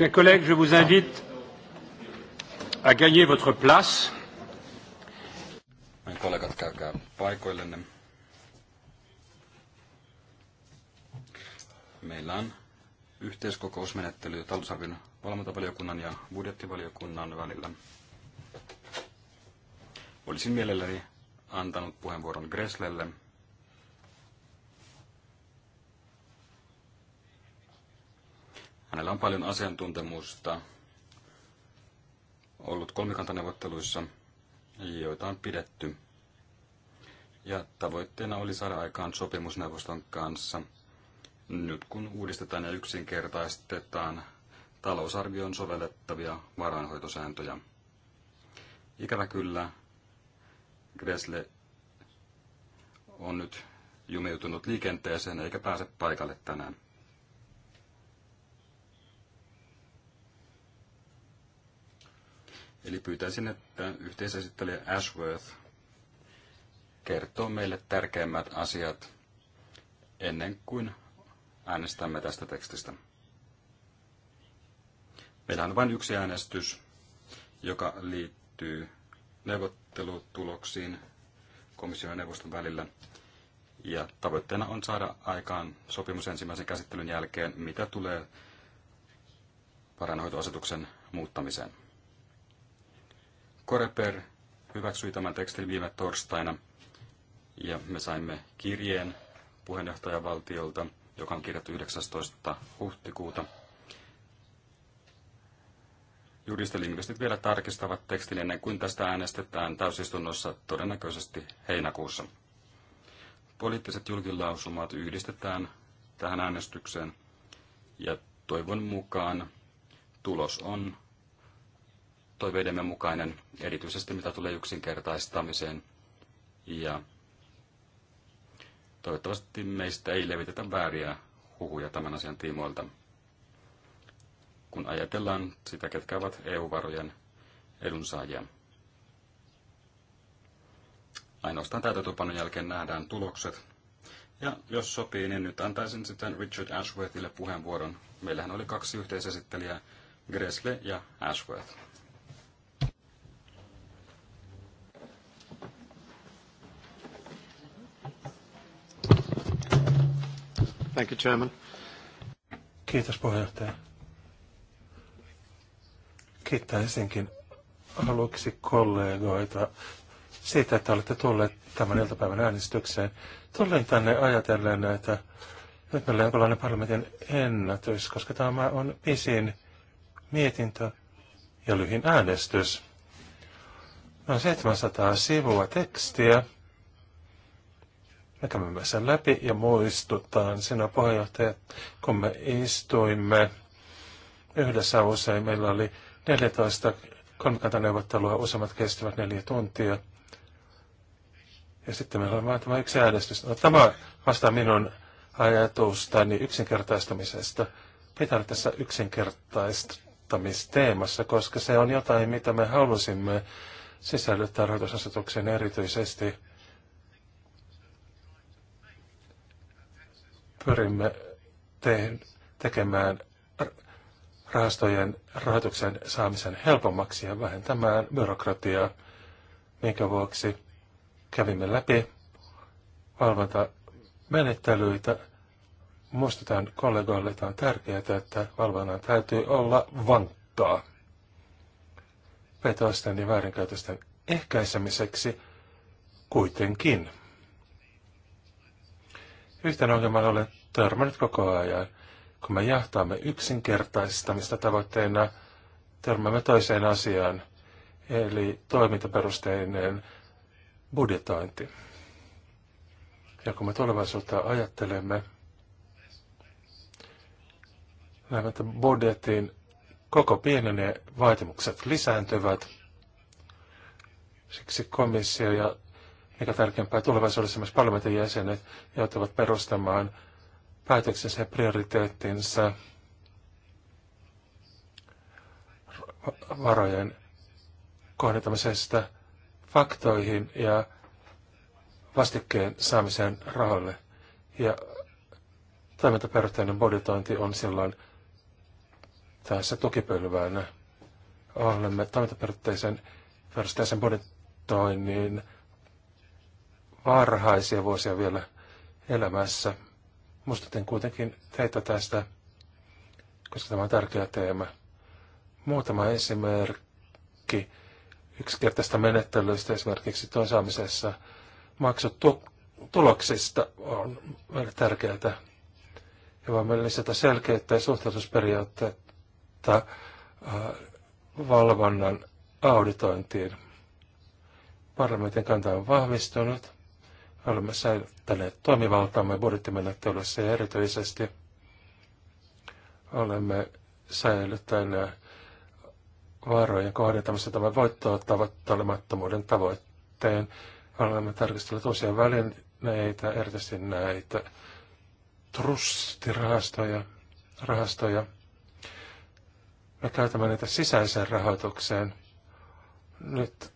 Chers collègues, je vous invite à gagner votre place. Kollegat, käykää paikoillenne. Meillä on yhteiskokousmenettely talousarvion valvontavaliokunnan ja budjettivaliokunnan välillä. Olisin mielelläni antanut puheenvuoron Greslelle, Hänellä on paljon asiantuntemusta ollut kolmikantaneuvotteluissa, joita on pidetty. Ja tavoitteena oli saada aikaan sopimusneuvoston kanssa, nyt kun uudistetaan ja yksinkertaistetaan talousarvion sovellettavia varainhoitosääntöjä. Ikävä kyllä, Gresle on nyt jumiutunut liikenteeseen eikä pääse paikalle tänään. Eli pyytäisin, että yhteisesittelijä Ashworth kertoo meille tärkeimmät asiat ennen kuin äänestämme tästä tekstistä. Meillä on vain yksi äänestys, joka liittyy neuvottelutuloksiin komission ja neuvoston välillä. Ja tavoitteena on saada aikaan sopimus ensimmäisen käsittelyn jälkeen, mitä tulee varainhoitoasetuksen muuttamiseen. Koreper hyväksyi tämän tekstin viime torstaina ja me saimme kirjeen puheenjohtajavaltiolta, joka on kirjattu 19. huhtikuuta. Juristilingvistit vielä tarkistavat tekstin ennen kuin tästä äänestetään täysistunnossa todennäköisesti heinäkuussa. Poliittiset julkilausumat yhdistetään tähän äänestykseen ja toivon mukaan tulos on toiveidemme mukainen, erityisesti mitä tulee yksinkertaistamiseen. Ja toivottavasti meistä ei levitetä vääriä huhuja tämän asian tiimoilta. Kun ajatellaan sitä, ketkä ovat EU-varojen edunsaajia. Ainoastaan täytetupanon jälkeen nähdään tulokset. Ja jos sopii, niin nyt antaisin sitten Richard Ashworthille puheenvuoron. Meillähän oli kaksi yhteisesittelijää, Gresle ja Ashworth. Thank you, Chairman. Kiitos puheenjohtaja. Kiittäisinkin aluksi kollegoita siitä, että olette tulleet tämän iltapäivän äänestykseen. Tulin tänne ajatellen, että nyt meillä on jonkinlainen parlamentin ennätys, koska tämä on pisin mietintö ja lyhin äänestys. Noin 700 sivua tekstiä. Me kävimme sen läpi ja muistutaan sinä puheenjohtaja, kun me istuimme yhdessä usein. Meillä oli 14 kolmikantaneuvottelua, useimmat kestivät neljä tuntia. Ja sitten meillä on vain tämä yksi äänestys. No, tämä vastaa minun ajatustani yksinkertaistamisesta. Pitää olla tässä yksinkertaistamisteemassa, koska se on jotain, mitä me halusimme sisällyttää rahoitusasetukseen erityisesti pyrimme te- tekemään rahastojen rahoituksen saamisen helpommaksi ja vähentämään byrokratiaa, minkä vuoksi kävimme läpi valvontamenettelyitä. Muistutan kollegoille, että on tärkeää, että valvonnan täytyy olla vankkaa petosten ja väärinkäytösten ehkäisemiseksi kuitenkin. Yhteen ongelman olen törmännyt koko ajan. Kun me jahtaamme yksinkertaistamista tavoitteena, törmäämme toiseen asiaan, eli toimintaperusteinen budjetointi. Ja kun me tulevaisuutta ajattelemme, näemme, että budjetin koko pienenee, vaatimukset lisääntyvät. Siksi komissio ja mikä tärkeämpää, tulevaisuudessa myös parlamentin jäsenet joutuvat perustamaan päätöksensä ja prioriteettinsa varojen kohdentamisesta faktoihin ja vastikkeen saamiseen rahoille. Ja toimintaperusteinen budjetointi on silloin tässä tukipylväänä. Olemme toimintaperusteisen perusteisen budjetoinnin varhaisia vuosia vielä elämässä. Muistutin kuitenkin teitä tästä, koska tämä on tärkeä teema. Muutama esimerkki yksinkertaista menettelyistä esimerkiksi tuon saamisessa maksutuloksista on meille tärkeää. Ja voimme lisätä selkeyttä ja suhteellisuusperiaatteita äh, valvonnan auditointiin. Parlamentin kanta on vahvistunut olemme säilyttäneet toimivaltaamme budjettimenettelyssä ja erityisesti olemme säilyttäneet varojen kohdentamista tämän voittoa tavoittelemattomuuden tavoitteen. Olemme tarkastelleet uusia välineitä, erityisesti näitä trustirahastoja, rahastoja. Me käytämme niitä sisäiseen rahoitukseen. Nyt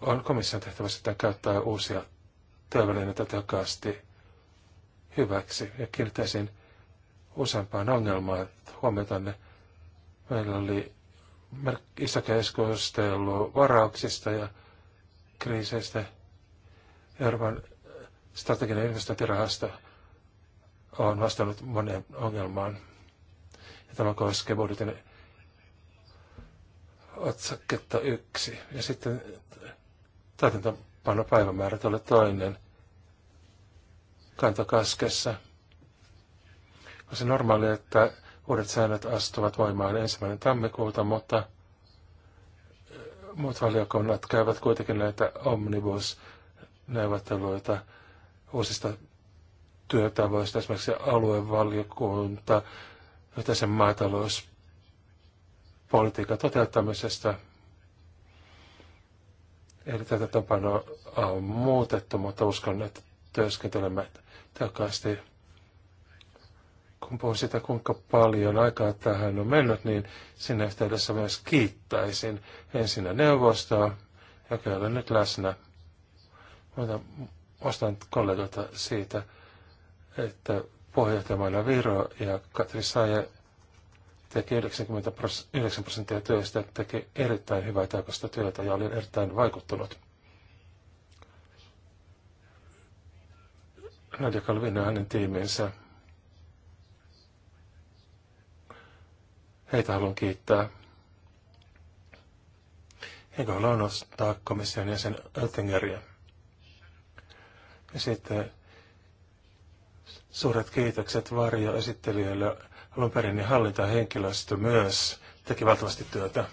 on komission tehtävä sitten käyttää uusia työvälineitä tehokkaasti hyväksi ja kiinnittäisin useampaan ongelmaan huomiotanne. Meillä oli iso keskustelu varauksista ja kriiseistä. Euroopan strateginen investointirahasto on vastannut moneen ongelmaan. Ja tämä koskee budjetin otsaketta yksi. Ja sitten täytäntöpanopäivämäärät tulee toinen kantokaskessa. On se normaali, että uudet säännöt astuvat voimaan ensimmäinen tammikuuta, mutta muut valiokunnat käyvät kuitenkin näitä omnibus-neuvotteluita uusista työtavoista, esimerkiksi aluevaliokunta, yhteisen maatalouspolitiikan toteuttamisesta. Eli tätä tapana on muutettu, mutta uskon, että työskentelemme takaisin. Kun puhun sitä, kuinka paljon aikaa tähän on mennyt, niin sinne yhteydessä myös kiittäisin ensinnä neuvostoa, joka ole nyt läsnä. Mutta ostan kollegoita siitä, että puheenjohtajamaana Viro ja Katri Saja teki 99 prosenttia työstä, teki erittäin hyvää tehokasta työtä ja olin erittäin vaikuttunut. Nadia Calvino hänen tiimiinsä. Heitä haluan kiittää. Enkä haluan nostaa komission jäsen Oettingeria. Ja sitten suuret kiitokset varjoesittelijöille. Alun perin niin hallintahenkilöstö myös teki valtavasti työtä.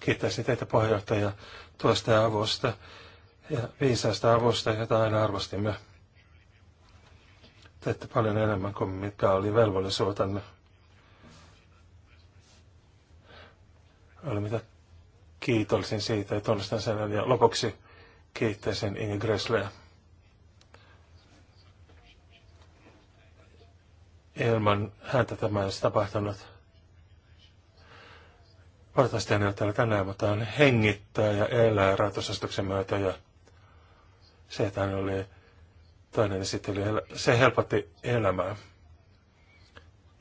Kiittäisin teitä puheenjohtaja tuosta avusta ja viisaasta avusta, jota aina arvostimme teette paljon enemmän kuin mitkä oli velvollisuutenne. Oli mitä kiitollisin siitä ja tunnistan sen. Ja lopuksi kiittäisin Inge Gressleä. Ilman häntä tämä olisi tapahtunut. Valitettavasti hän ei ole täällä tänään, mutta hän hengittää ja elää ratusastuksen myötä. Ja se, että hän oli toinen esittely. se helpotti elämää.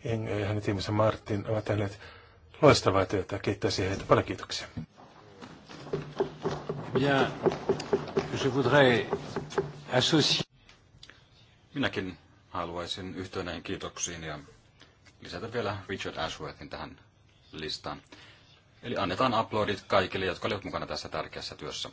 Inge ja hänen tiiminsä Martin ovat tehneet loistavaa työtä. Kiittäisin heitä paljon kiitoksia. Bien, je voudrais Minäkin haluaisin yhtyä näihin kiitoksiin ja lisätä vielä Richard Ashworthin tähän listaan. Eli annetaan uploadit kaikille, jotka olivat mukana tässä tärkeässä työssä.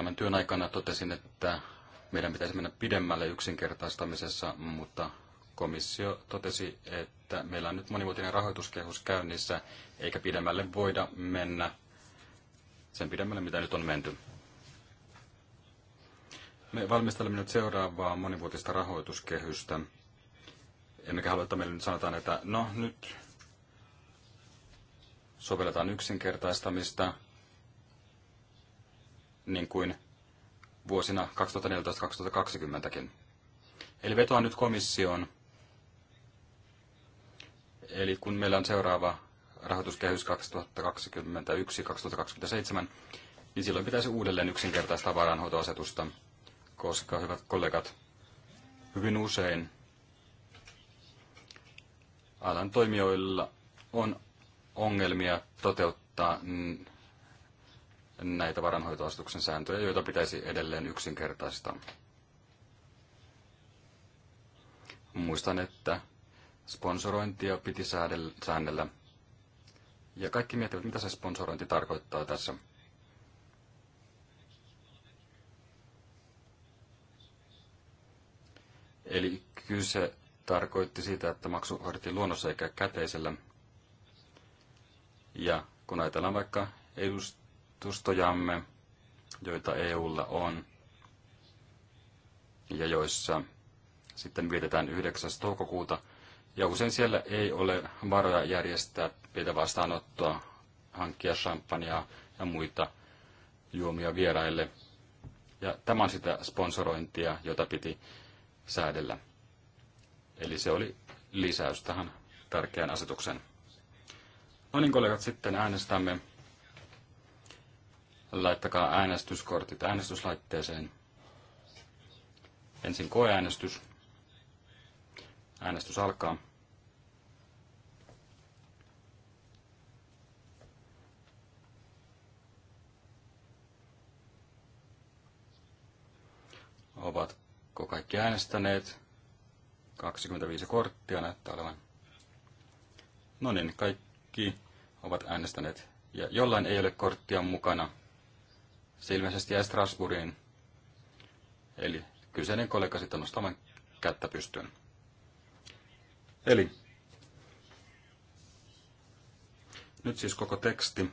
Tämän työn aikana totesin, että meidän pitäisi mennä pidemmälle yksinkertaistamisessa, mutta komissio totesi, että meillä on nyt monivuotinen rahoituskehus käynnissä, eikä pidemmälle voida mennä sen pidemmälle, mitä nyt on menty. Me valmistelemme nyt seuraavaa monivuotista rahoituskehystä. Emmekä halua, että meille nyt sanotaan, että no nyt sovelletaan yksinkertaistamista, niin kuin vuosina 2014-2020kin. Eli vetoan nyt komissioon. Eli kun meillä on seuraava rahoituskehys 2021-2027, niin silloin pitäisi uudelleen yksinkertaistaa varainhoitoasetusta, koska, hyvät kollegat, hyvin usein alan toimijoilla on ongelmia toteuttaa näitä varanhoitoasetuksen sääntöjä, joita pitäisi edelleen yksinkertaistaa. Muistan, että sponsorointia piti säännellä. Ja kaikki miettivät, mitä se sponsorointi tarkoittaa tässä. Eli kyse tarkoitti sitä, että maksu hoidettiin luonnossa eikä käteisellä. Ja kun ajatellaan vaikka edustustojamme, joita EUlla on, ja joissa sitten vietetään 9. toukokuuta. Ja usein siellä ei ole varoja järjestää pientä vastaanottoa, hankkia champagnea ja muita juomia vieraille. Ja tämä on sitä sponsorointia, jota piti säädellä. Eli se oli lisäys tähän tärkeän asetuksen. No niin, kollegat, sitten äänestämme. Laittakaa äänestyskortit äänestyslaitteeseen. Ensin koeäänestys. Äänestys alkaa. Ovatko kaikki äänestäneet? 25 korttia näyttää olevan. No niin, kaikki ovat äänestäneet. Ja jollain ei ole korttia mukana, se ilmeisesti jäi Strasbourgiin. Eli kyseinen kollega sitten nostamaan kättä pystyyn. Eli nyt siis koko teksti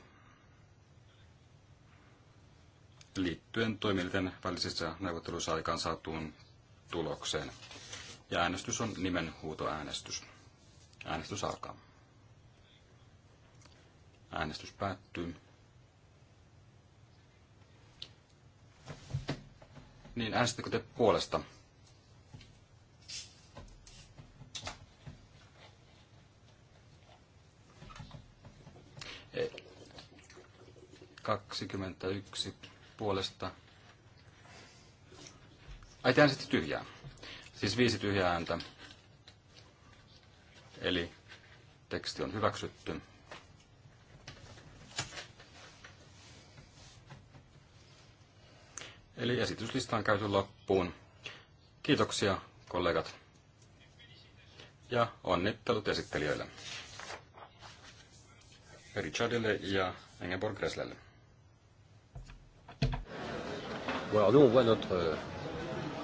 liittyen toimielinten välisissä neuvotteluissa aikaan saatuun tulokseen. Ja äänestys on nimenhuutoäänestys. Äänestys alkaa. Äänestys päättyy. Niin äänestittekö te puolesta? Ei. 21 puolesta. Ai te äänestitte tyhjää. Siis viisi tyhjää ääntä. Eli teksti on hyväksytty. Eli esityslista on käyty loppuun. Kiitoksia kollegat ja onnittelut esittelijöille. Richardille ja Engeborg Gresslelle. Well, nous on voit notre